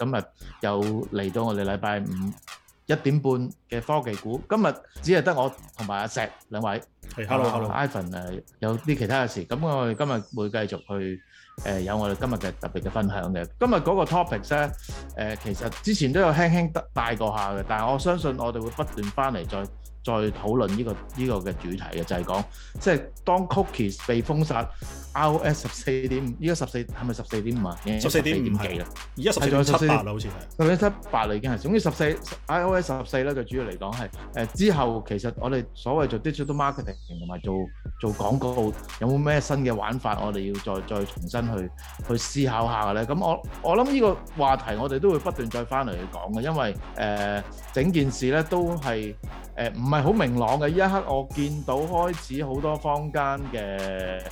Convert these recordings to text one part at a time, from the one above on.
今日，又嚟到我哋禮拜五一點半嘅科技估。今日只係得我同埋阿石兩位。係，hello，hello。Ivan 誒有啲其他嘅事，咁我哋今日會繼續去誒有我哋今日嘅特別嘅分享嘅。今日嗰個 topic 咧誒，其實之前都有輕輕帶過下嘅，但係我相信我哋會不斷翻嚟再。再討論呢、這個呢、這個嘅主題嘅，就係、是、講即係當 cookies 被封殺，iOS 十四點五，依家十四係咪十四點五啊？十四點五幾啦，而家十四點七八啦，好似係十四點七八啦已經係。總之十四 iOS 十四咧，就主要嚟講係誒之後，其實我哋所謂做 digital marketing 同埋做做廣告有冇咩新嘅玩法，我哋要再再重新去去思考下咧。咁我我諗呢個話題，我哋都會不斷再翻嚟去講嘅，因為誒、呃、整件事咧都係誒、呃唔係好明朗嘅。呢一刻我見到開始好多坊間嘅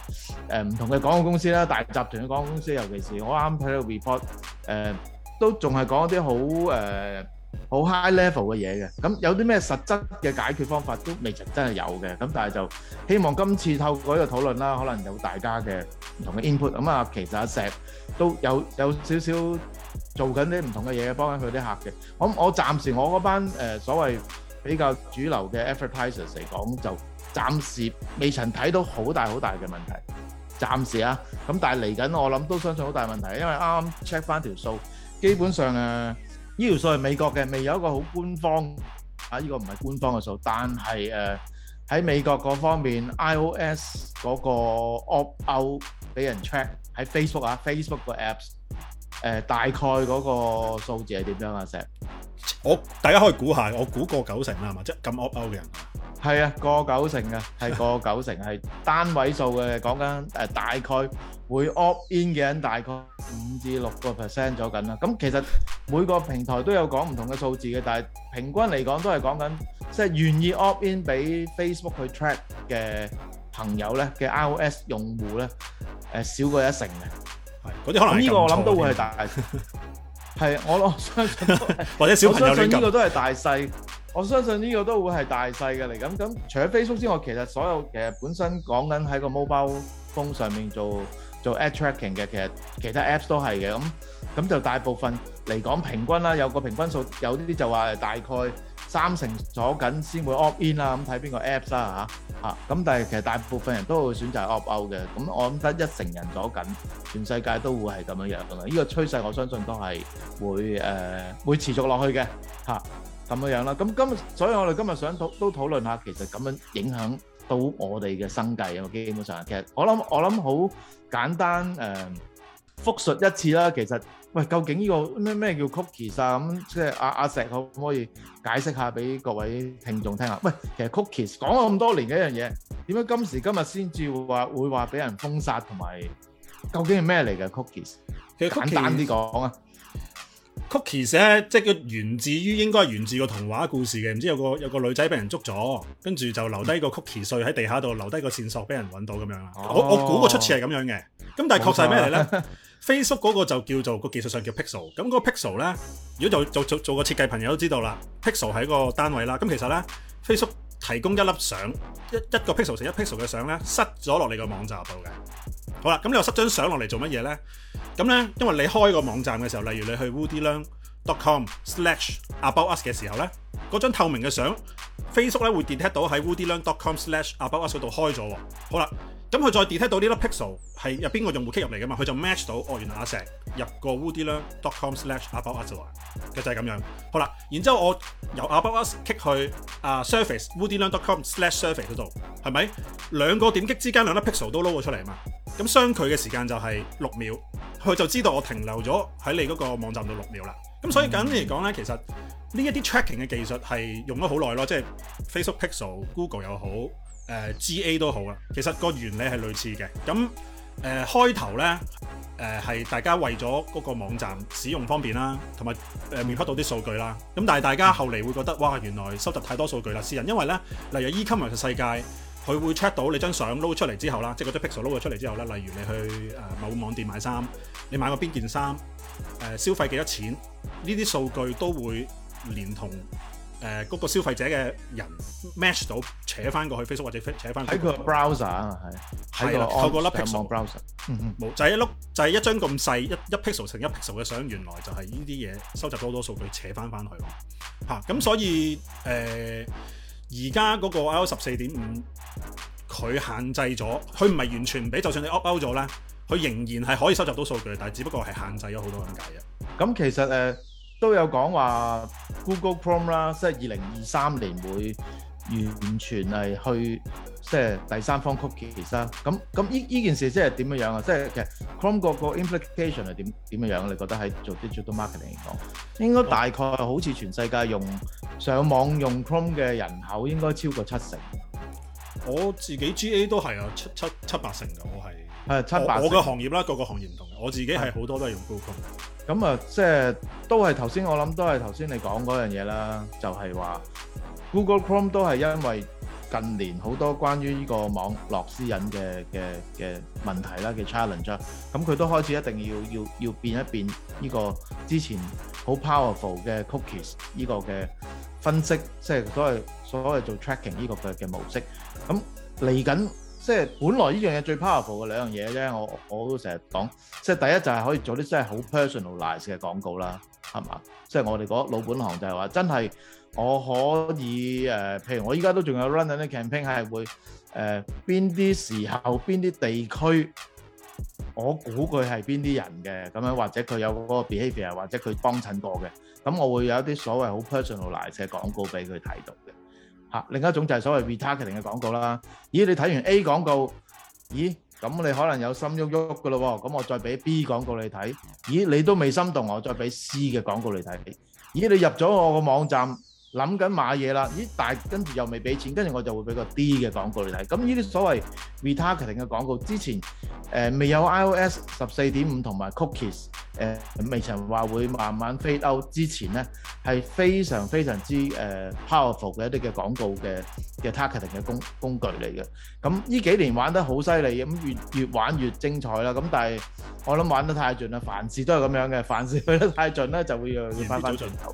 誒唔同嘅廣告公司啦，大集團嘅廣告公司，尤其是我啱睇到 report 誒，都仲係講一啲好誒好 high level 嘅嘢嘅。咁有啲咩實質嘅解決方法都未曾真係有嘅。咁但係就希望今次透過呢個討論啦，可能有大家嘅唔同嘅 input。咁啊，其實阿石都有有少少做緊啲唔同嘅嘢，幫緊佢啲客嘅。咁我暫時我嗰班誒所謂。比較主流嘅 advertisers 嚟講，就暫時未曾睇到好大好大嘅問題。暫時啊，咁但係嚟緊我諗都相信好大問題，因為啱啱 check 翻條數，基本上誒呢條數係美國嘅，未有一個好官方啊，呢個唔係官方嘅數，但係誒喺美國嗰方面 iOS 嗰個 opt out 俾人 check 喺、啊、Facebook 啊，Facebook 個 apps。誒，大概嗰個數字係點樣啊？石，我大家可以估下，我估過九成啦，係咪？即係咁 opt out 嘅人，係啊，過九成啊，係過九成係單位數嘅，講緊誒，大概會 opt in 嘅人大概五至六個 percent 左右啦。咁其實每個平台都有講唔同嘅數字嘅，但係平均嚟講都係講緊，即係願意 opt in 俾 Facebook 去 track 嘅朋友咧嘅 iOS 用戶咧，誒，少過一成嘅。啲可能呢個我諗都會係大，係 我我相信或者小，相信呢個都係大細，我相信呢個都會係大細嘅嚟。咁咁除咗 Facebook 之外，其實所有其實本身講緊喺個 mobile phone 上面做做 ad tracking 嘅，其實其他 apps 都係嘅。咁咁就大部分嚟講平均啦，有個平均數，有啲就話大概。三成坐緊先會 opt in 啦，咁睇邊個 apps 啦，嚇嚇咁，但係其實大部分人都會選擇 opt out 嘅。咁我諗得一成人坐緊，全世界都會係咁樣樣㗎啦。呢個趨勢我相信都係會誒會持續落去嘅嚇咁樣樣啦。咁今所以我哋今日想討都討論下，其實咁樣影響到我哋嘅生計啊。基本上其實我諗我諗好簡單誒。復述一次啦，其實喂，究竟呢、這個咩咩叫 cookies 啊？咁、嗯、即係阿阿石可唔可以解釋下俾各位聽眾聽下？喂，其實 cookies 講咗咁多年嘅一樣嘢，點解今時今日先至話會話俾人封殺同埋，究竟係咩嚟嘅 cookies？其實 cookies，簡單啲講啊，cookies 咧即係佢源自於應該源自個童話故事嘅，唔知有個有個女仔俾人捉咗，跟住就留低個 cookie 碎喺地下度，留低個線索俾人揾到咁樣啦、哦。我我估個出處係咁樣嘅，咁但係確實係咩嚟咧？ Facebook 嗰個就叫做個技術上叫 pixel，咁嗰個 pixel 咧，如果做做做做個設計朋友都知道啦，pixel 係一個單位啦。咁其實咧，Facebook 提供一粒相，一一個 pixel 乘一 pixel 嘅相咧，塞咗落你個網站度嘅。好啦，咁你又塞張相落嚟做乜嘢咧？咁咧，因為你開個網站嘅時候，例如你去 woodylong.com slash about us 嘅時候咧，嗰張透明嘅相，Facebook 咧會 detect 到喺 woodylong.com slash about us 嗰度開咗。好啦。咁佢再 detect 到呢粒 pixel 係入邊個用戶 click 入嚟嘅嘛，佢就 match 到哦，原來阿石入過 woodyland.com/slash 阿包阿 zo 啊，就係、是、咁樣。好啦，然之後我由阿 p 阿 zo click 去啊 surface woodyland.com/slash surface 嗰度，係咪兩個點擊之間兩粒 pixel 都撈咗出嚟啊嘛？咁相距嘅時間就係六秒，佢就知道我停留咗喺你嗰個網站度六秒啦。咁所以簡單嚟講咧，嗯、其實呢一啲 tracking 嘅技術係用咗好耐咯，即係 Facebook pixel、Google 又好。呃、GA 都好啊，其實個原理係類似嘅。咁、嗯、誒、呃、開頭呢，誒、呃、係大家為咗嗰個網站使用方便啦，同埋誒彙報到啲數據啦。咁、嗯、但係大家後嚟會覺得，哇，原來收集太多數據啦，私人。因為呢，例如 e-commerce 世界，佢會 check 到你張相 load 出嚟之後啦，即係嗰啲 pixel load 咗出嚟之後咧，例如你去誒某網店買衫，你買過邊件衫、呃，消費幾多錢，呢啲數據都會連同。誒嗰、呃那個消費者嘅人 match 到扯翻過去 Facebook 或者扯翻喺個 browser 啊，係係啦，透過 looking on browser，冇就係一碌就係一張咁、就是、細一,一 pixel 乘一 pixel 嘅相，原來就係呢啲嘢收集咗好多數據扯翻翻去，嚇、啊、咁所以誒而家嗰個 iOS 十四點五佢限制咗，佢唔係完全唔俾，就算你 opt out 咗咧，佢仍然係可以收集到數據，但係只不過係限制咗好多咁解啫。咁其實誒。都有講話 Google Chrome 啦，即係二零二三年會完全係去即係第三方 c o o k 曲奇啦。咁咁呢依件事即係點樣樣啊？即係其實 Chrome 個個 implication 係點點樣樣？你覺得喺做 digital marketing 嚟講，應該大概，好似全世界用上網用 Chrome 嘅人口應該超過七成。我自己 GA 都係啊，七七七八成嘅我係，我、嗯、七八我嘅行業啦，各個行業唔同。我自己係好多都係用 Google。咁啊，即係都係頭先我諗，都係頭先你講嗰樣嘢啦，就係話 Google Chrome 都係因為近年好多關於依個網絡私隱嘅嘅嘅問題啦嘅 challenge。咁佢都開始一定要要要變一變依個之前好 powerful 嘅 cookies 依個嘅分析，即係都係所謂做 tracking 依個嘅嘅模式。咁嚟緊。即係本來呢樣嘢最 powerful 嘅兩樣嘢咧，我都成日講，即係第一就係可以做啲真係好 personalized 嘅廣告啦，係嘛？即係我哋個老本行就係話，真係我可以、呃、譬如我依家都仲有 running 啲 campaign 係會誒，邊、呃、啲時候、邊啲地區，我估佢係邊啲人嘅或者佢有嗰個 behaviour，或者佢幫襯過嘅，咁我會有一啲所謂好 personalized 嘅廣告俾佢睇到。啊，另一種就係所謂 retargeting 嘅廣告啦。咦，你睇完 A 廣告，咦，咁你可能有心喐喐嘅咯喎。咁我再俾 B 廣告你睇，咦，你都未心動，我再俾 C 嘅廣告你睇，咦，你入咗我個網站。諗緊買嘢啦，咦？但係跟住又未俾錢，跟住我就會俾個 D 嘅廣告你睇。咁呢啲所謂 retargeting 嘅廣告，之前誒、呃、未有 iOS 十四點五同埋 cookies 誒、呃，未曾話會慢慢 fade out 之前咧，係非常非常之誒、uh, powerful 嘅一啲嘅廣告嘅嘅 targeting 嘅工工具嚟嘅。咁呢幾年玩得好犀利，咁越越玩越精彩啦。咁但係我諗玩得太盡啦，凡事都係咁樣嘅，凡事去得太盡咧，就會要翻返轉頭。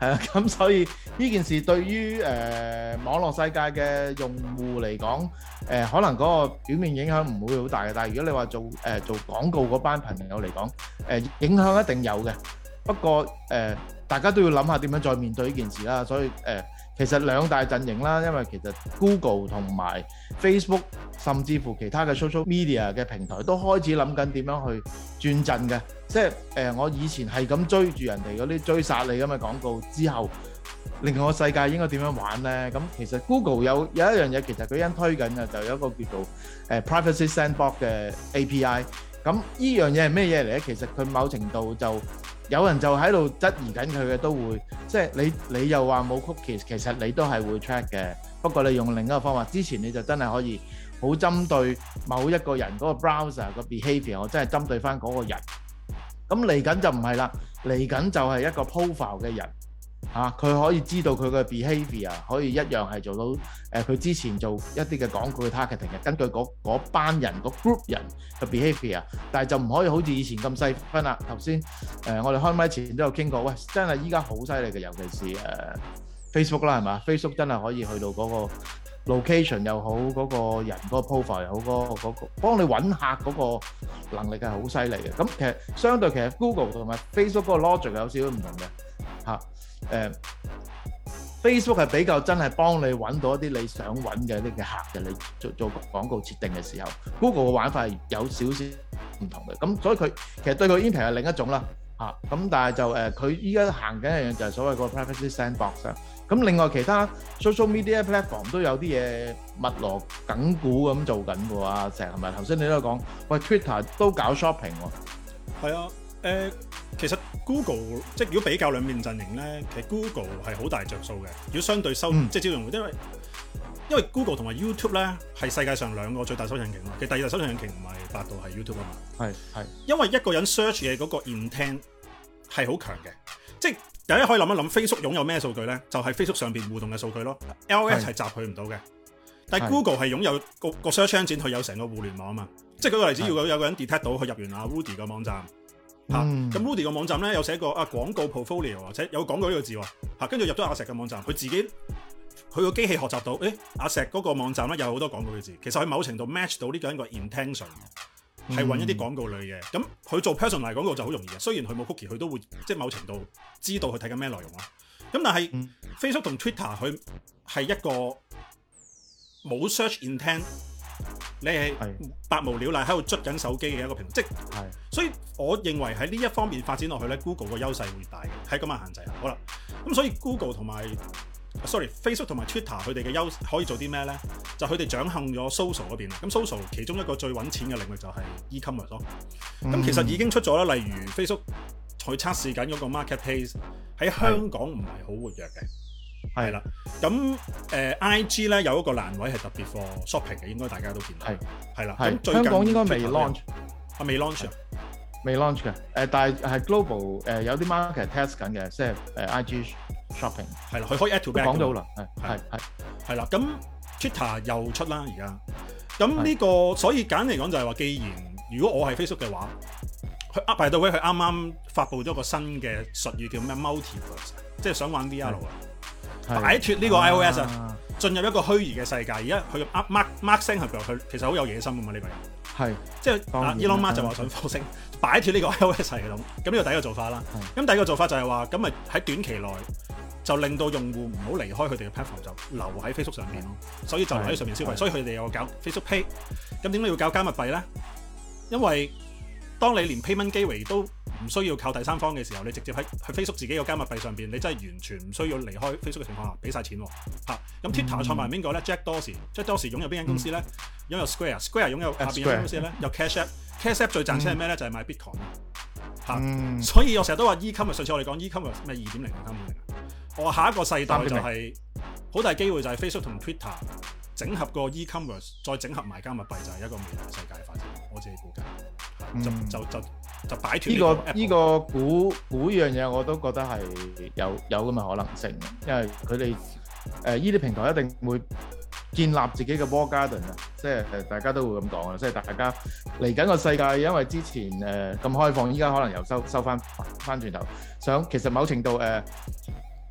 係啊，咁、嗯、所以呢件事對於誒、呃、網絡世界嘅用戶嚟講，誒、呃、可能嗰個表面影響唔會好大嘅，但係如果你話做誒、呃、做廣告嗰班朋友嚟講，誒、呃、影響一定有嘅。不過誒、呃，大家都要諗下點樣再面對呢件事啦，所以誒、呃其實兩大陣營啦，因為其實 Google 同埋 Facebook，甚至乎其他嘅 social media 嘅平台都開始諗緊點樣去轉陣嘅。即係誒，我以前係咁追住人哋嗰啲追殺你咁嘅廣告，之後另外個世界應該點樣玩咧？咁其實 Google 有有一樣嘢，其實佢已經推緊嘅就有一個叫做誒 Privacy Sandbox 嘅 API。咁呢樣嘢係咩嘢嚟咧？其實佢某程度就...有人就喺度質疑緊佢嘅，都會即係你你又話冇 cookies，其實你都係會 check 嘅。不過你用另一個方法，之前你就真係可以好針對某一個人嗰個 browser 個 behaviour，我真係針對翻嗰個人。咁嚟緊就唔係啦，嚟緊就係一個 profile 嘅人。嚇，佢、啊、可以知道佢嘅 behavior 可以一樣係做到誒，佢、呃、之前做一啲嘅廣告 targeting 嘅，根據嗰班人個 group 人嘅 behavior，但係就唔可以好似以前咁細分啦。頭先誒我哋開麥前都有傾過，喂真係依家好犀利嘅，尤其是誒、呃、Facebook 啦，係嘛？Facebook 真係可以去到嗰個 location 又好，嗰、嗰個人嗰個 profile 又好，嗰、嗰、嗰個、嗰個、幫你揾客嗰個能力係好犀利嘅。咁其實相對其實 Google 同埋 Facebook 嗰個 logic 有少少唔同嘅嚇。啊誒、嗯、Facebook 係比較真係幫你揾到一啲你想揾嘅呢啲客嘅，你做做廣告設定嘅時候，Google 嘅玩法係有少少唔同嘅，咁所以佢其實對佢 i n per 係另一種啦，嚇、啊、咁但係就誒佢依家行緊一樣就係所謂個 privacy sandbox，咁另外其他 social media platform 都有啲嘢密鑼緊鼓咁做緊嘅喎，成日係咪頭先你都講，喂 Twitter 都搞 shopping 喎，係啊。誒其實 Google 即係如果比較兩面陣營呢，其實 Google 係好大着數嘅。如果相對收即係招人，因為因為 Google 同埋 YouTube 呢，係世界上兩個最大搜尋引擎。其實第二大搜尋引擎唔係百度係 YouTube 啊嘛。係係因為一個人 search 嘅嗰個 intent 係好強嘅，即係大家可以諗一諗 Facebook 擁有咩數據呢？就係、是、Facebook 上邊互動嘅數據咯。L S 係是集佢唔到嘅，但係 Google 係擁有個是個 search engine，佢有成個互聯網啊嘛。即係舉個例子，如果是有個人 detect 到佢入完阿 Rudi 嘅網站。嚇！咁 Rudi 個網站咧有寫過啊廣告 portfolio，或者有廣告呢個字喎，跟住入咗阿石嘅網站，佢自己佢個機器學習到，誒、欸、阿石嗰個網站咧有好多廣告嘅字，其實佢某程度 match 到呢個人個 intention，係揾一啲廣告類嘅。咁佢做 personal 化廣告就好容易嘅，雖然佢冇 cookie，佢都會即係某程度知道佢睇緊咩內容啊。咁但係 Facebook 同 Twitter 佢係一個冇 search intent。你係百無聊賴喺度捽緊手機嘅一個屏幕，即係，是的 所以我認為喺呢一方面發展落去咧，Google 嘅優勢會大，喺咁嘅限制下。好啦，咁所以 Google 同埋，sorry，Facebook 同埋 Twitter 佢哋嘅優可以做啲咩咧？就佢哋掌控咗 social 嗰邊，咁 social 其中一個最揾錢嘅領域就係 e-commerce 咯。咁、嗯、其實已經出咗啦，例如 Facebook 在測試緊嗰個 marketplace 喺香港唔係好活躍嘅。係啦，咁誒 IG 咧有一個欄位係特別 for shopping 嘅，應該大家都見到。係係啦，咁香港應該未 launch。阿未 launch，啊，未 launch 嘅。誒，但係 global 誒有啲 market test 緊嘅，即係誒 IG shopping。係啦，佢可以 add to bag。講到啦，係係係係啦。咁 Twitter 又出啦，而家。咁呢個所以簡嚟講就係話，既然如果我係 Facebook 嘅話，佢 upgrade 到位，佢啱啱發佈咗個新嘅術語叫咩 Metaverse 即係想玩 VR 啊！是擺脫呢個 iOS 啊，進入一個虛擬嘅世界。而家佢阿 Mark Zuckerberg 佢其實好有野心嘅嘛，呢個人係即係便 Elon Musk 就話想火星，嗯、擺脫呢個 iOS 系統。咁呢個第一個做法啦。咁是第二個做法就係話，咁咪喺短期內就令到用戶唔好離開佢哋嘅 platform，就留喺 Facebook 上面咯。是所以就留喺上面消費。所以佢哋有搞 Facebook Pay。咁點解要搞加密幣咧？因為當你連 payment gateway 都唔需要靠第三方嘅時候，你直接喺喺 Facebook 自己個加密幣上邊，你真係完全唔需要離開 Facebook 嘅情況下，俾晒錢喎。咁 Twitter 嘅創辦人邊個咧？Jack Dorsey 多時，Jack Dorsey 擁有邊間公司咧？嗯、擁有 Square，Square 擁有下邊有邊間公司咧？Square，有 Cash App、嗯、Cash App，Cash App 最賺錢係咩咧？就係買 Bitcoin 嚇。所以我成日都話 e-commerce 上次我哋講 e-commerce 咩二點零定三點零？Commerce，嗯、我下一個世代就係好大機會就係 Facebook 同 Twitter。整合個 e-commerce，再整合埋加密幣，就係一個未來世界嘅發展。我自己估計，就就就就擺脫呢個呢個估估呢樣嘢，我都覺得係有有咁嘅可能性。因為佢哋誒呢啲平台一定會建立自己嘅 walled garden 啊，即係大家都會咁講啊。即係大家嚟緊個世界，因為之前誒咁開放，依家可能又收收返返轉頭。想其實某程度誒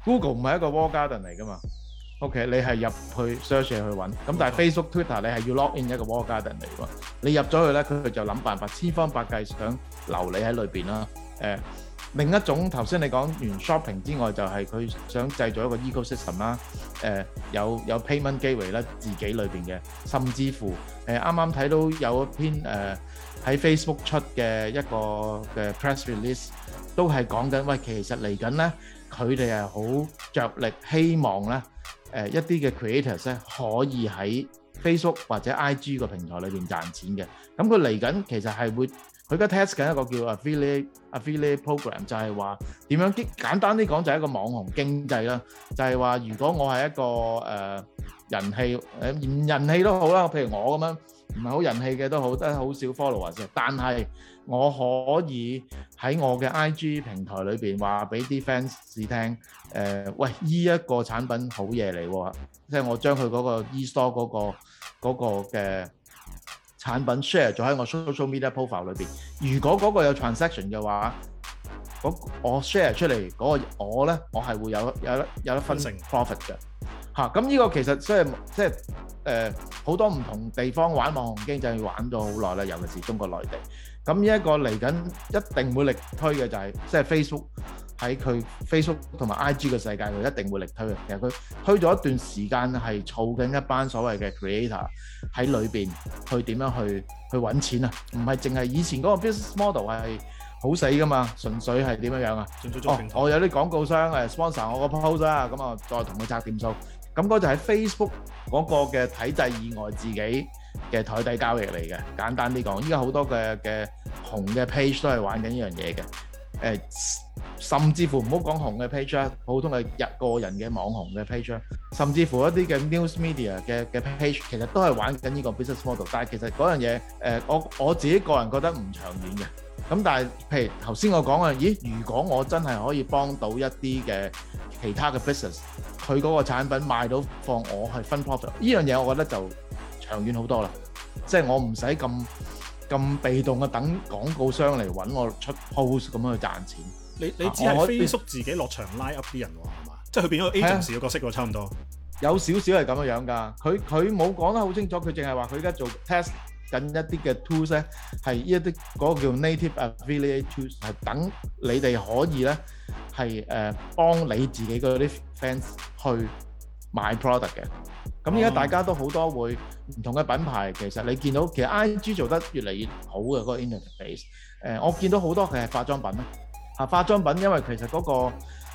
，Google 唔係一個 walled garden 嚟㗎嘛。OK，你係入去 search 去揾，咁但係 Facebook、Twitter 你係要 log in 一個 walled garden 嚟喎。你入咗去呢，佢哋就諗辦法，千方百計想留你喺裏邊啦。誒、呃，另一種頭先你講完 shopping 之外，就係、是、佢想製造一個 ecosystem 啦。誒，有有 payment 機會咧，自己裏邊嘅，甚至乎誒啱啱睇到有一篇誒喺、呃、Facebook 出嘅一個嘅 press release，都係講緊喂，其實嚟緊呢，佢哋係好着力，希望呢。」誒、呃、一啲嘅 creators 咧，可以喺 Facebook 或者 IG 個平台裏邊賺錢嘅。咁佢嚟緊其實係會，佢而家 test 緊一個叫 affiliate affiliate program，就係話點樣激簡單啲講就係一個網紅經濟啦。就係、是、話如果我係一個誒、呃、人氣誒唔、呃、人氣都好啦，譬如我咁樣唔係好人氣嘅都好，都好少 followers 嘅，但係。我可以喺我嘅 IG 平台裏邊話俾啲 fans 試聽，誒、呃，喂，依、這、一個產品好嘢嚟，即係我將佢嗰、嗰個 eStore 嗰、嗰個嗰、嗰個嘅產品 share 咗喺我 social media profile 裏邊，如果嗰個有 transaction 嘅話，我 share 出嚟嗰個我咧、嗰個，我係會有有有得分成 profit 嘅，吓、啊，咁呢個其實即係即係誒好多唔同地方玩網紅經濟玩咗好耐啦，尤其是中國內地。咁呢一個嚟緊一定會力推嘅就係即係 Facebook 喺佢 Facebook 同埋 IG 嘅世界，佢一定會力推嘅。其實佢推咗一段時間係儲緊一班所謂嘅 creator 喺裏邊去點樣去去揾錢啊。唔係淨係以前嗰個 business model 係好死㗎嘛？純粹係點樣樣啊？純粹做平台。哦，有啲廣告商誒 sponsor 我個 post 啦，咁啊再同佢拆點數。咁嗰就係 Facebook 嗰個嘅體制以外自己嘅台底交易嚟嘅，簡單啲講，依家好多嘅嘅紅嘅 page 都係玩緊呢樣嘢嘅。誒、呃，甚至乎唔好講紅嘅 page 啊，普通嘅日個人嘅網紅嘅 page 啊，甚至乎一啲嘅 news media 嘅嘅 page，其實都係玩緊呢個 business model。但係其實嗰樣嘢，誒、呃，我我自己個人覺得唔長遠嘅。咁但係，譬如頭先我講啊，咦，如果我真係可以幫到一啲嘅其他嘅 business，佢嗰個產品賣到放我去分 profit，呢樣嘢我覺得就～長遠好多啦，即係我唔使咁咁被動嘅等廣告商嚟揾我出 post 咁樣去賺錢。你你即係 Facebook 自己落場拉 up 啲人喎，係嘛？即係佢變咗 agency 嘅角色喎，差唔多。有少少係咁嘅樣㗎，佢佢冇講得好清楚，佢淨係話佢而家做 test 緊一啲嘅 tools 咧，係一啲嗰個叫 native 啊 affiliate tools 係等你哋可以咧係誒幫你自己嗰啲 fans 去買 product 嘅。咁而家大家都好多會唔同嘅品牌，其實你見到其實 I.G. 做得越嚟越好嘅嗰，那個 interface，呃。誒，我見到好多佢係化妝品啦，嚇、啊、化妝品因為其實嗰，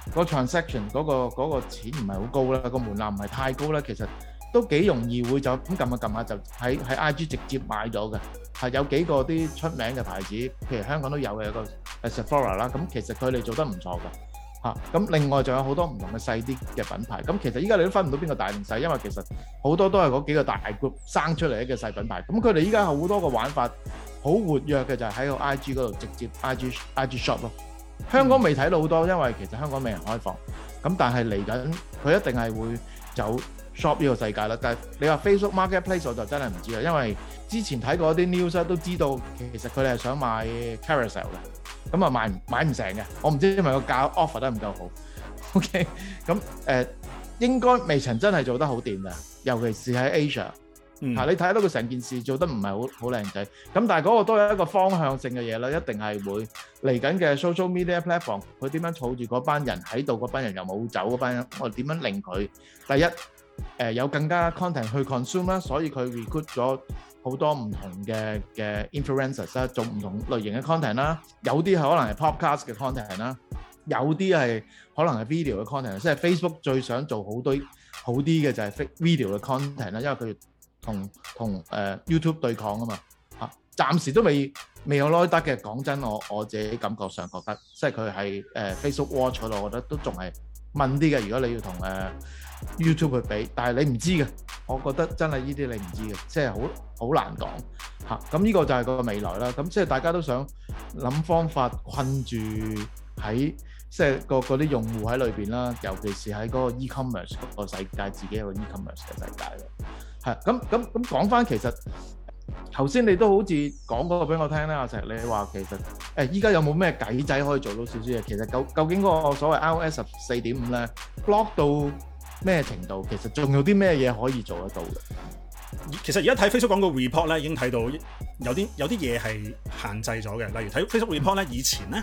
那個嗰 transaction 嗰個嗰，那個那個錢唔係好高啦，那個門檻唔係太高啦，其實都幾容易會就咁撳下撳下就喺喺 I.G. 直接買咗嘅。係、啊、有幾個啲出名嘅牌子，譬如香港都有嘅一個 Sephora 啦、啊、咁、啊、其實佢哋做得唔錯㗎。嚇，咁、啊、另外仲有好多唔同嘅細啲嘅品牌，咁其實依家你都分唔到邊個大定細，因為其實好多都係嗰幾個大 group 生出嚟嘅細品牌，咁佢哋依家好多個玩法好活躍嘅就喺個 IG 嗰度直接 IG IG shop 咯。香港未睇到好多，嗯、因為其實香港未人開放，咁但係嚟緊佢一定係會走 shop 呢個世界啦。但係你話 Facebook Marketplace 我就真係唔知啦，因為之前睇過啲 news、啊、都知道，其實佢哋係想買 Carousel 嘅。咁啊，買唔買唔成嘅，我唔知，因為個價 offer 得唔夠好。OK，咁誒應該未曾真係做得好掂㗎，尤其是喺 Asia。嗯，嗱你睇到佢成件事做得唔係好好靚仔。咁但係嗰個都有一個方向性嘅嘢啦，一定係會嚟緊嘅 social media platform，佢點樣儲住嗰班人喺度，嗰班人又冇走，嗰班人我點樣令佢第一誒有更加 content 去 consume 啦，所以佢 recruit 咗好多唔同嘅嘅 influencers 啦，ences，做唔同類型嘅 content 啦，有啲係可能係 podcast 嘅 content 啦，有啲係可能係 video 嘅 content，即係 Facebook 最想做好堆好啲嘅就係 video 嘅 content 啦，因為佢同同誒 YouTube 對抗嘛啊嘛嚇，暫時都未未有來得嘅。講真，我我自己感覺上覺得，即係佢喺誒 Facebook Watch 度，我覺得都仲係問啲嘅。如果你要同誒。呃 YouTube 去比，但係你唔知嘅，我覺得真係呢啲你唔知嘅，即係好好難講嚇。咁呢個就係個未來啦。咁即係大家都想諗方法困住喺即係個嗰啲用戶喺裏邊啦，尤其是喺嗰個 e-commerce 個世界，自己有個 e-commerce 嘅世界咯。係咁咁咁講翻，其實頭先你都好似講嗰個俾我聽咧，阿石，你話其實誒依家有冇咩計仔可以做到少少嘢？其實究究竟嗰個所謂 iOS 十四點五咧 lock 到咩程度？其實仲有啲咩嘢可以做得到嘅？其實而家睇 Facebook 廣告 report 咧，已經睇到有啲有啲嘢係限制咗嘅。例如睇 Facebook report 咧，以前咧，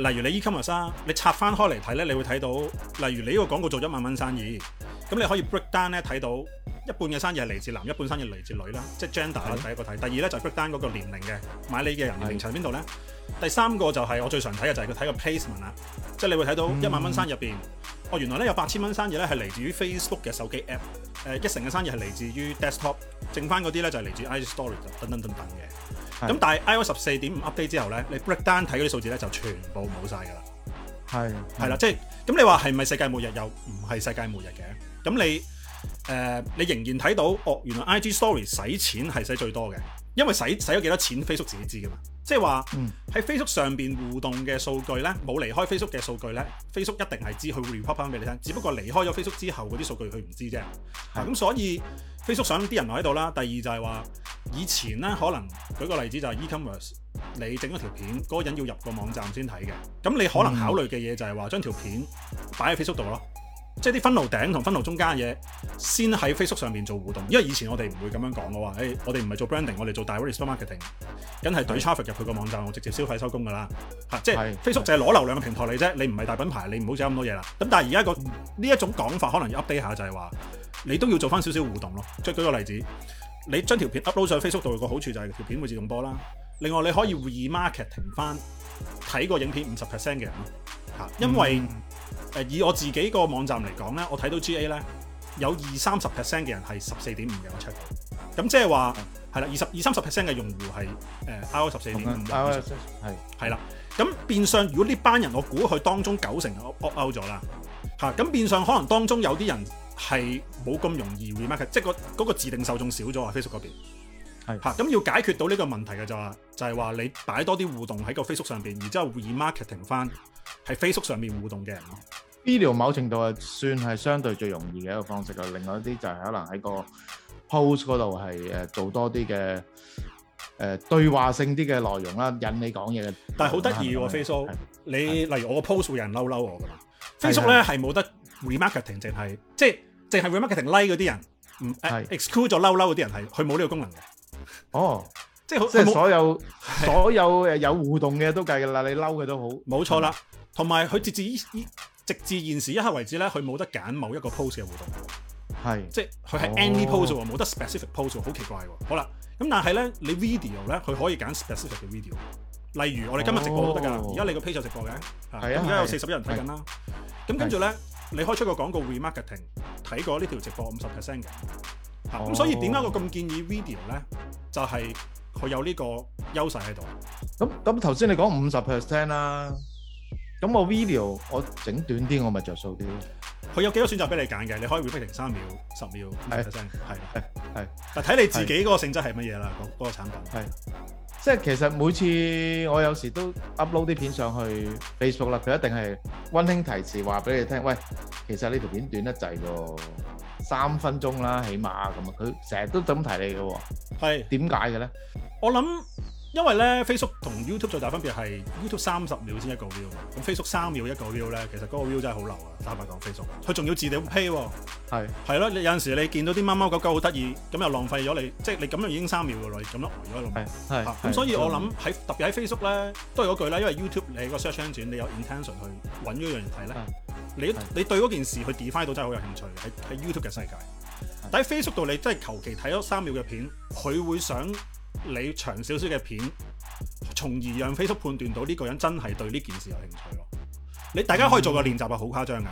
誒例如你 E-commerce 生、啊，你拆翻開嚟睇咧，你會睇到，例如你呢個廣告做咗一萬蚊生意，咁你可以 break down 咧睇到一半嘅生意係嚟自男，一半生意嚟自女啦，即係 gender 啦，第一個睇。的第二咧就是、break down 嗰個年齡嘅買你嘅人年齡層喺邊度咧。的第三個就係、是、我最常睇嘅就係佢睇個 placement 啦、啊，即係你會睇到一萬蚊生意入邊。嗯哦，原來咧有八千蚊生意咧係嚟自於 Facebook 嘅手機 App，誒、呃、一成嘅生意係嚟自於 Desktop，剩翻嗰啲咧就係嚟自 IG Story 等等等等嘅。咁的但係 iOS 十四點五 update 之後咧，你 break down 睇嗰啲數字咧就全部冇晒㗎啦。係係啦，即係咁你話係咪世界末日？又唔係世界末日嘅。咁你誒、呃、你仍然睇到，哦原來 IG Story 使錢係使最多嘅。因為使使咗幾多錢，Facebook 自己知噶嘛。即係話喺、嗯、Facebook 上邊互動嘅數據咧，冇離開 Facebook 嘅數據咧，Facebook 一定係知，佢 report 翻俾你聽。只不過離開咗 Facebook 之後嗰啲數據佢唔知啫。咁是、啊、所以的 Facebook 想啲人留喺度啦。第二就係話以前咧，可能舉個例子就係 e-commerce，你整咗條片，嗰、那個人要入個網站先睇嘅。咁你可能考慮嘅嘢就係話將條片擺喺 Facebook 度咯。即係啲分路頂同分路中間嘅嘢，先喺 Facebook 上面做互動，因為以前我哋唔會咁樣講嘅話，誒、欸，我哋唔係做 branding，我哋做大 volume marketing，梗係對 traffic 入去個網站，我直接消費收工㗎啦，嚇，即係 Facebook 就係攞流量嘅平台嚟啫，你唔係大品牌，你唔好整咁多嘢啦。咁但係而家個呢一種講法可能要 update 下就，就係話你都要做翻少少互動咯。即係舉個例子，你將條片 upload 上 Facebook 度嘅好處就係、是、條片會自動播啦，另外你可以 remarketing 翻睇個影片五十 percent 嘅人，嚇，因為，嗯誒，以我自己個網站嚟講咧，我睇到 GA 咧，有二三十 percent 嘅人係十四點五嘅，我 check 咁即係話係啦，二十二三十 percent 嘅用戶係誒 out 十四點五 out 十四，係係啦。咁 Okay. 變相如果呢班人，我估佢當中九成 out 咗啦，嚇，咁變相可能當中有啲人係冇咁容易 remarket，即係個嗰個自定受眾少咗啊 Facebook 嗰邊。係嚇，咁、啊、要解決到呢個問題嘅就係就係話你擺多啲互動喺個 Facebook 上邊，然之後 remarketing 翻喺 Facebook 上面互動嘅人。Video 某程度係算係相對最容易嘅一個方式啦。另外一啲就係可能喺個 post 嗰度係誒做多啲嘅誒對話性啲嘅內容啦，引你講嘢嘅。但係好得意喎 Facebook，你的例如我個 post 會有人嬲嬲我噶嘛的？Facebook 咧係冇得 remarketing，淨係即係淨係 remarketing like 嗰啲人，唔 exclude 咗嬲嬲嗰啲人，係佢冇呢個功能嘅。哦， 即係即係所有是的 所有誒有互動嘅都計噶啦，你嬲嘅都好，冇錯啦。同埋佢直至依依直至現時一刻為止咧，佢冇得揀某一個 post 嘅互動，係、哦、即係佢係 any post 冇得、哦、specific post 好奇怪喎、啊。好啦，咁但係咧，你 video 咧，佢可以揀 specific 嘅 video。例如我哋今日直播都得噶，而家、哦、你個 page 就直播嘅，係啊的，而家有四十一人睇緊啦。咁跟住咧，你開出個廣告 remarketing，睇過呢條直播五十 percent 嘅。咁、嗯嗯、所以點解我咁建議 video 咧？就係、是、佢有呢個優勢喺度。咁咁頭先你講五十 percent 啦。咁、啊、我 video 我整短啲，我咪着數啲。佢有幾多選擇俾你揀嘅？你可以會不停三秒、十秒、五十 percent，係係係。但睇你自己嗰個性質係乜嘢啦，嗰的個產品。係，即、就、係、是、其實每次我有時都 upload 啲片上去，Facebook 啦，佢一定係温馨提示話俾你聽，喂，其實呢條片短得滯喎。三分鐘啦，起碼咁啊，佢成日都咁提你嘅喎。係點解嘅咧？呢我諗，因為咧，Facebook 同 YouTube 最大分別係 YouTube 三十秒先一個 view 嘛，咁 Facebook 三秒一個 view 咧，其實嗰個 view 真係好流啊！坦白講，Facebook 佢仲要自定 pay 喎是。係係咯，是有你有陣時你見到啲貓貓狗狗好得意，咁又浪費咗你，即、就、係、是、你咁樣已經三秒嘅內咁咯。係係咁，是所以是我諗喺特別喺 Facebook 咧，都係嗰句啦，因為 YouTube 你個 search engine 你有 intention 去揾嗰樣嘢睇咧。你你對嗰件事去 define 到真係好有興趣，喺喺 YouTube 嘅世界。但喺 Facebook 度，你真係求其睇咗三秒嘅片，佢會想你長少少嘅片，從而讓 Facebook 判斷到呢個人真係對呢件事有興趣咯。你大家可以做個練習啊，好誇張噶。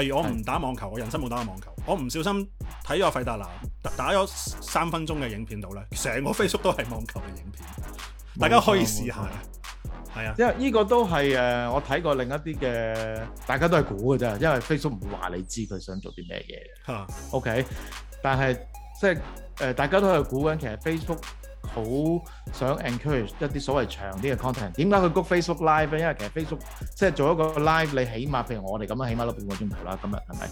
例如我唔打網球，我人生冇打過網球，我唔小心睇咗費達拿打咗三分鐘嘅影片度咧，成個 Facebook 都係網球嘅影片。冇錯，大家可以試下。係啊，因為呢個都係誒，我睇過另一啲嘅，大家都係估嘅啫。因為 Facebook 唔會話你知佢想做啲咩嘢嘅。嚇、啊、，OK，但係即係誒，大家都係估緊。其實 Facebook 好想 encourage 一啲所謂長啲嘅 content。點解佢谷 Facebook Live 咧？因為其實 Facebook 即係做一個 live，你起碼譬如我哋咁啊，起碼都半個鐘頭啦。今日係咪？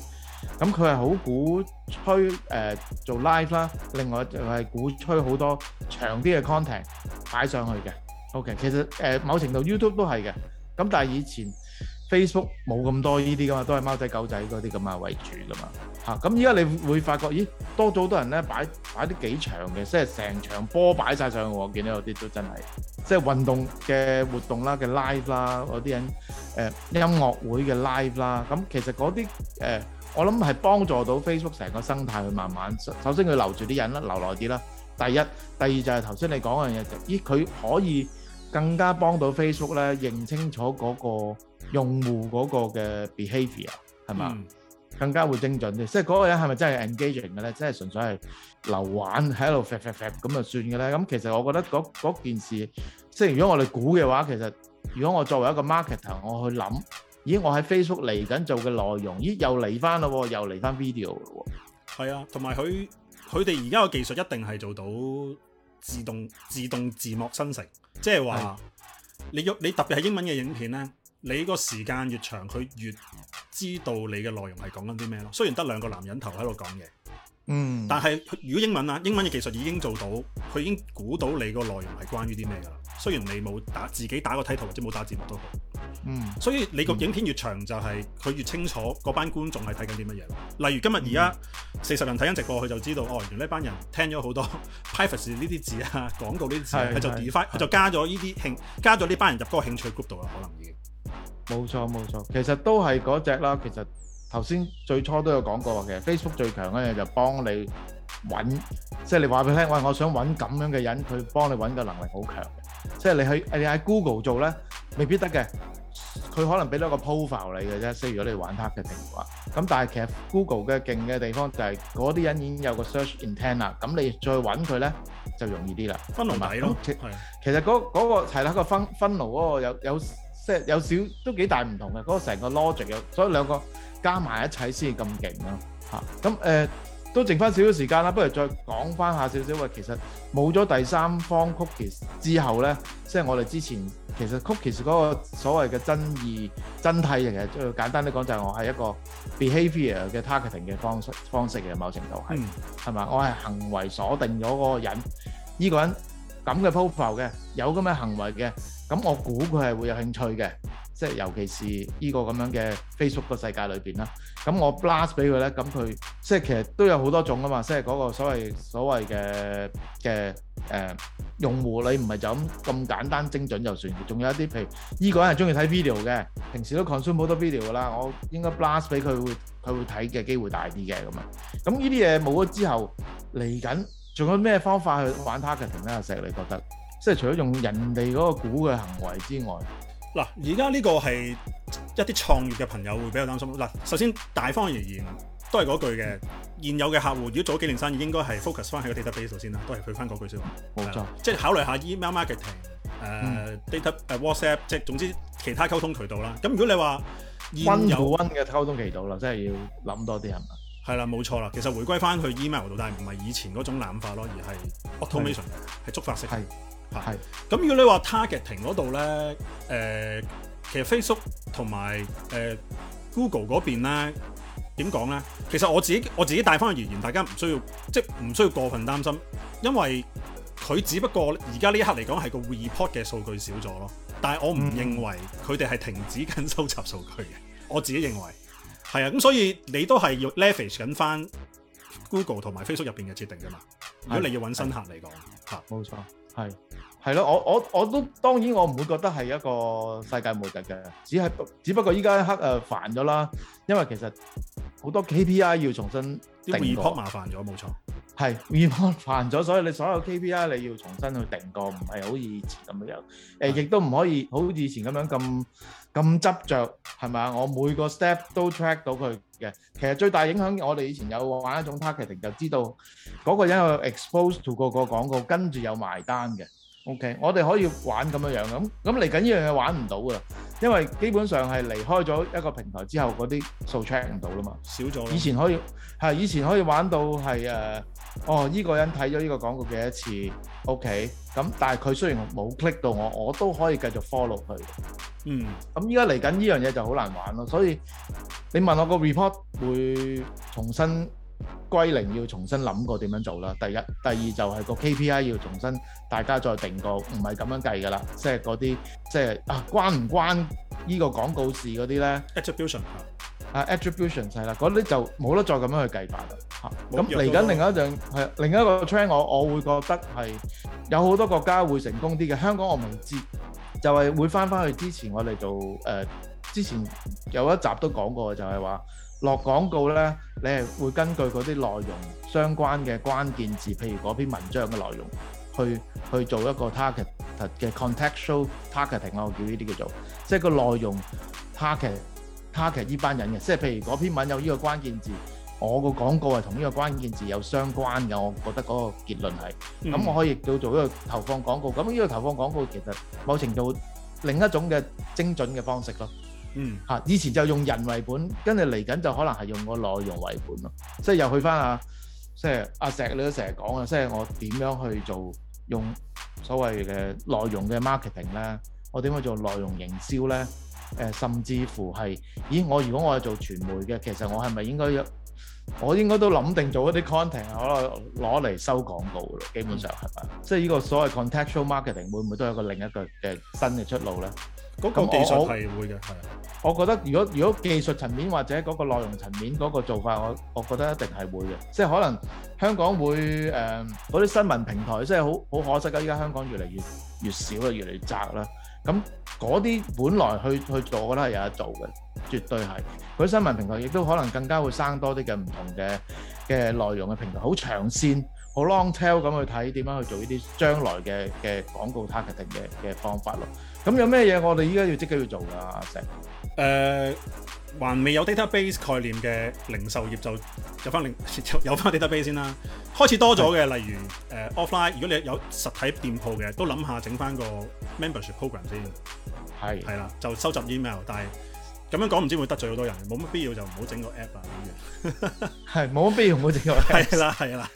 咁佢係好鼓吹誒、呃、做 live 啦。另外就係鼓吹好多長啲嘅 content 擺上去嘅。OK，其實誒、呃、某程度 YouTube 都係嘅，咁但係以前 Facebook 冇咁多呢啲噶嘛，都係貓仔狗仔嗰啲咁啊為主噶嘛，嚇，咁依家你會發覺，咦多咗好多人咧，擺擺啲幾長嘅，即係成場波擺晒上去，我見到有啲都真係，即係運動嘅活動啦，嘅 live 啦嗰啲人誒、呃、音樂會嘅 live 啦，咁、嗯、其實嗰啲誒我諗係幫助到 Facebook 成個生態去慢慢，首先佢留住啲人啦，留耐啲啦，第一，第二就係頭先你講嘅嘢就，咦佢可以。更加幫到 Facebook 咧，認清楚嗰個用戶嗰個嘅 b e h a v i o r 係嘛？嗯、更加會精準啲，即係嗰個人係咪真係 engaging 嘅咧？即係純粹係流玩喺度 fit fit fit 咁就算嘅咧？咁、嗯、其實我覺得嗰件事，即係如果我哋估嘅話，其實如果我作為一個 m a r k e t e t e 我去諗，咦，我喺 Facebook 嚟緊做嘅內容，咦，又嚟翻嘞喎，又嚟翻 video 嘞喎。係啊，同埋佢佢哋而家嘅技術一定係做到。自動，自動字幕生成，即係話你要你特別係英文嘅影片呢，你個時間越長，佢越知道你嘅內容係講緊啲咩咯。雖然得兩個男人頭喺度講嘢。嗯但，但係如果英文啊，英文嘅技術已經做到，佢已經估到你個內容係關於啲咩㗎啦。雖然你冇打自己打個 title 或者冇打字幕都好。嗯，所以你個影片越長，嗯、就係佢越清楚嗰班觀眾係睇緊啲乜嘢。例如今日而家四十人睇緊直播，佢就知道哦，原來呢班人聽咗好多 private 呢啲字啊，廣告呢啲字，佢是就 refine，佢就加咗呢啲興，是是是是加咗呢班人入嗰個興趣 group 度啦，可能已經。冇錯冇錯，其實都係嗰隻啦，其實。頭先最初都有講過話，其實 Facebook 最強嘅嘢就幫你揾，即係你話俾佢聽，喂，我想揾咁樣嘅人，佢幫你揾嘅能力好強嘅。即係你去你喺 Google 做咧，未必得嘅，佢可能俾到一個 profile 你嘅啫。即係如果你玩黑嘅情況，咁但係其實 Google 嘅勁嘅地方就係嗰啲人已經有個 search intent 啦。咁你再揾佢咧就容易啲啦，分勞底咯。其實嗰嗰個係啦，個分分勞嗰個有有即係有少都幾大唔同嘅嗰個成個 logic，所以兩個。加埋一齊先至咁勁咯嚇，咁誒都剩翻少少時間啦，不如再講翻下少少喂，其實冇咗第三方 cookies 之後咧，即係我哋之前其實 cookies 嗰個所謂嘅真意真諦，其實最簡單啲講就係我係一個 behavior 嘅 targeting 嘅方式方式嘅某程度係，係嘛？我係行為鎖定咗嗰個人，呢個人咁嘅 profile 嘅，有咁嘅行為嘅，咁我估佢係會有興趣嘅。即係尤其是呢個咁樣嘅 Facebook 個世界裏邊啦，咁我 blast 俾佢咧，咁佢即係其實都有好多種噶嘛，即係嗰個所謂所謂嘅嘅誒用戶，你唔係就咁咁簡單精準就算，仲有一啲譬如呢個人係中意睇 video 嘅，平時都 consume 好多 video 噶啦，我應該 blast 俾佢會佢會睇嘅機會大啲嘅咁啊，咁呢啲嘢冇咗之後，嚟緊仲有咩方法去玩 targeting 咧？阿石你覺得，即係除咗用人哋嗰個股嘅行為之外？嗱，而家呢個係一啲創業嘅朋友會比較擔心。嗱，首先大方而言，都係嗰句嘅。現有嘅客戶，如果做咗幾年生意，應該係 focus 翻喺個 database 度先啦。都係去翻嗰句說話，冇錯。呃、即係考慮下 email marketing，誒、呃嗯、data，誒、uh, WhatsApp，即係總之其他溝通渠道啦。咁如果你話現有嘅溝通渠道啦，真係要諗多啲係嘛？係啦，冇錯啦。其實回歸翻去 email 度，但係唔係以前嗰種諗法咯，而係 automation，係的觸發式。的的係，咁是、嗯、如果你話 targeting 嗰度咧，誒、呃，其實 Facebook 同埋誒、呃、Google 嗰邊咧點講咧？其實我自己我自己帶翻去意見，大家唔需要，即係唔需要過分擔心，因為佢只不過而家呢一刻嚟講係個 report 嘅數據少咗咯。但係我唔認為佢哋係停止緊收集數據嘅，嗯、我自己認為係啊。咁、嗯、所以你都係要 leverage 緊翻 Google 同埋 Facebook 入邊嘅設定噶嘛？如果你要揾新客嚟講，嚇，冇錯。係，係咯，我我我都當然我唔會覺得係一個世界末日嘅，只係只不過依家一刻誒、呃、煩咗啦，因為其實好多 KPI 要重新定過，麻煩咗冇錯。係，變幻咗，所以你所有 KPI 你要重新去定過，唔係好似以前咁樣。誒，亦都唔可以好以前咁樣咁咁執着。係咪？我每個 step 都 track 到佢嘅。其實最大影響，我哋以前有玩一種 targeting，就知道嗰個人有 exposed to 個廣告，跟住有埋單嘅。OK，我哋可以玩咁樣樣，咁咁嚟緊依樣嘢玩唔到啊，因為基本上係離開咗一個平台之後，嗰啲數 check 唔到啦嘛，少咗。以前可以以前可以玩到係哦依、依個人睇咗依個廣告幾多次，OK，咁但係佢雖然冇 click 到我，我都可以繼續 follow 佢。嗯，咁依家嚟緊依樣嘢就好難玩咯，所以你問我個 report 會重新。歸零要重新諗過點樣做啦，第一、第二就係個 KPI 要重新，大家再定個，唔係咁樣計噶啦，即係嗰啲即係啊關唔關呢個廣告事嗰啲咧？Attribution 啊，Attribution 係啦，嗰啲就冇得再咁樣去計法啦。吓，咁嚟緊另一樣係另一個 trend，我我會覺得係有好多國家會成功啲嘅。香港我唔知，就係、是、會翻翻去之前我哋做誒、呃，之前有一集都講過就，就係話。落廣告咧，你係會根據嗰啲內容相關嘅關鍵字，譬如嗰篇文章嘅內容，去去做一個 target 嘅 contextual targeting 啊，我叫呢啲叫做，即係個內容 target，target 呢班人嘅，即係譬如嗰篇文有呢個關鍵字，我個廣告係同呢個關鍵字有相關嘅，我覺得嗰個結論係，咁我可以叫做一個投放廣告，咁呢個投放廣告其實某程度另一種嘅精準嘅方式咯。嗯嚇，以前就用人為本，跟住嚟緊就可能係用個內容為本咯，即係又去翻啊，即係阿石你都成日講啊，即係我點樣去做用所謂嘅內容嘅 marketing 咧，我點樣做內容營銷咧？誒，甚至乎係，咦？我如果我係做傳媒嘅，其實我係咪應該要，我應該都諗定做一啲 content 啊，可能攞嚟收廣告嘅咯，基本上係咪？即係呢個所謂 contextual marketing 會唔會都有個另一個嘅新嘅出路咧？嗰個技術係會嘅，係。我覺得如果如果技術層面或者嗰個內容層面嗰個做法，我我覺得一定係會嘅。即係可能香港會誒嗰啲新聞平台，即係好好可惜㗎。依家香港越嚟越越少啦，越嚟越窄啦。咁嗰啲本來去去做，我覺得係有得做嘅，絕對係。嗰啲新聞平台亦都可能更加會生多啲嘅唔同嘅嘅內容嘅平台，好長線，好 long tail 咁去睇點樣去做呢啲將來嘅嘅廣告 targeting 嘅嘅方法咯。咁有咩嘢我哋依家要積極去做噶、啊？誒、呃，還未有 database 概念嘅零售業就有翻零有翻 database 先啦。開始多咗嘅，是例如誒 offline。呃、Off line，如果你有實體店鋪嘅，都諗下整翻個 membership program 先。係係是啦，就收集 email。但係咁樣講唔知會得罪好多人，冇乜必要就唔好整個 app 啊！呢樣係冇乜必要唔好整個 APP。係 啦，係啦。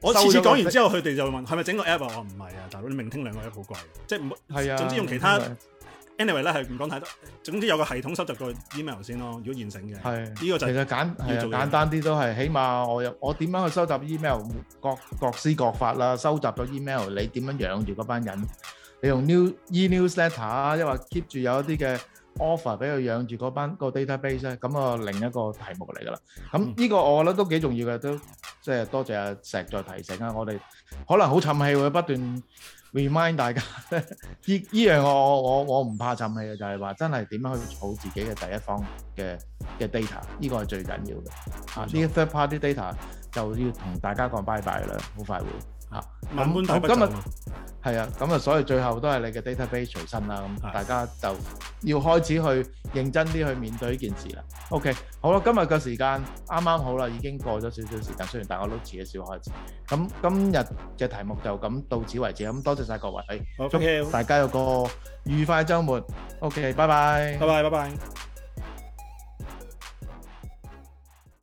我次次講完之後，佢哋就問係咪整個 app 啊？我話唔係啊，大佬你明聽兩個都好貴，即係唔，啊、總之用其他 anyway 咧係唔講太多。總之有個系統收集個 email 先咯，如果現成嘅係呢個就其實簡、啊、簡單啲都係，起碼我有我點樣去收集 email 各各施各法啦。收集咗 email，你點樣養住嗰班人？你用 new e-newsletter 啊，一或 keep 住有一啲嘅。offer 俾佢養住嗰班、嗰個 database 咧，咁啊另一個題目嚟㗎啦。咁呢個我覺得都幾重要嘅，都即係多謝阿石再提醒啊。我哋可能好沉氣會不斷 remind 大家咧，呢 呢樣我我我唔怕沉氣嘅，就係、是、話真係點樣去儲自己嘅第一方嘅嘅 data，呢個係最緊要嘅。啊錯，呢一 third party data 就要同大家講拜拜 e 啦，好快會。嚇，咁今日係啊，咁啊，所以最後都係你嘅 database 除身啦，咁大家就要開始去認真啲去面對呢件事啦。OK，好啦，今日嘅時間啱啱好啦，已經過咗少少時間，雖然大家都遲咗少開始。咁今日嘅題目就咁到此為止，咁多謝晒各位，祝大家有個愉快嘅週末。OK，拜拜，拜拜，拜拜。